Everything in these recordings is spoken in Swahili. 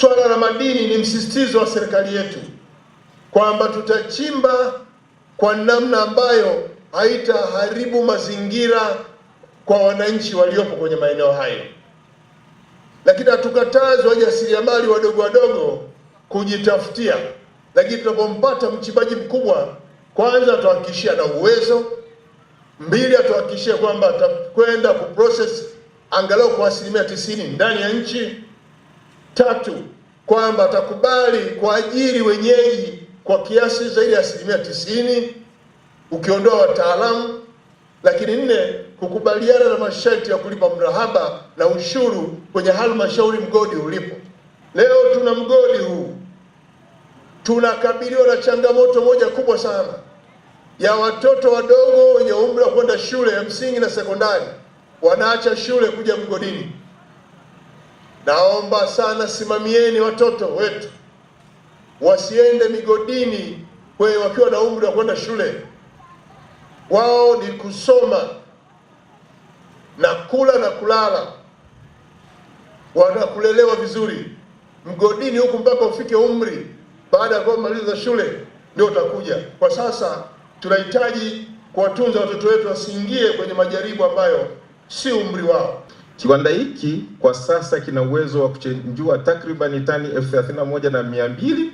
Swala la madini ni msisitizo wa serikali yetu kwamba tutachimba kwa namna ambayo haitaharibu mazingira kwa wananchi waliopo kwenye maeneo hayo, lakini hatukatazi wajasiriamali wadogo wadogo kujitafutia, lakini tunapompata mchimbaji mkubwa, kwanza atuhakikishia na uwezo, mbili atuhakikishie kwamba atakwenda kuprocess angalau kwa asilimia tisini ndani ya nchi Tatu, kwamba atakubali kuajiri wenyeji kwa kiasi zaidi ya asilimia tisini ukiondoa wataalamu. Lakini nne, kukubaliana na masharti ya kulipa mrahaba na ushuru kwenye halmashauri mgodi ulipo. Leo tuna mgodi huu, tunakabiliwa na changamoto moja kubwa sana ya watoto wadogo wenye umri wa kwenda shule ya msingi na sekondari, wanaacha shule kuja mgodini. Naomba sana simamieni watoto wetu wasiende migodini kwe wakiwa na umri wa kwenda shule. Wao ni kusoma na kula na kulala, wanakulelewa vizuri. Mgodini huku mpaka ufike umri, baada ya kumaliza shule ndio utakuja. Kwa sasa tunahitaji kuwatunza watoto wetu wasiingie kwenye majaribu ambayo si umri wao. Kiwanda hiki kwa sasa kina uwezo wa kuchenjua takribani tani elfu thelathini na moja na mia mbili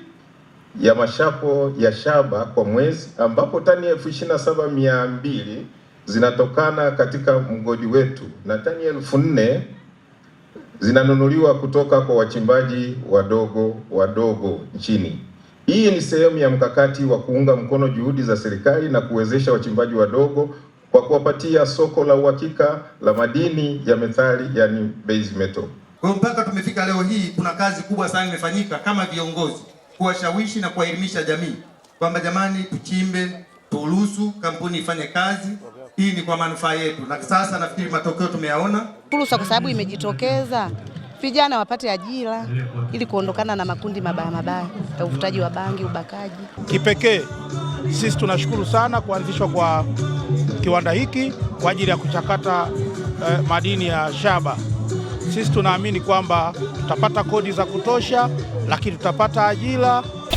ya mashapo ya shaba kwa mwezi, ambapo tani elfu ishirini na saba mia mbili zinatokana katika mgodi wetu na tani elfu nne zinanunuliwa kutoka kwa wachimbaji wadogo wadogo nchini. Hii ni sehemu ya mkakati wa kuunga mkono juhudi za serikali na kuwezesha wachimbaji wadogo kwa kuwapatia soko la uhakika la madini ya metali yani base metal. Kwa hiyo mpaka tumefika leo hii, kuna kazi kubwa sana imefanyika kama viongozi kuwashawishi na kuwaelimisha jamii kwamba jamani, tuchimbe, turuhusu kampuni ifanye kazi. Hii ni kwa manufaa yetu, na sasa nafikiri matokeo tumeyaona. Fursa kwa sababu imejitokeza, vijana wapate ajira ili kuondokana na makundi mabaya mabaya ya uvutaji wa bangi, ubakaji. Kipekee sisi tunashukuru sana kuanzishwa kwa kiwanda hiki kwa ajili ya kuchakata eh, madini ya shaba. Sisi tunaamini kwamba tutapata kodi za kutosha, lakini tutapata ajira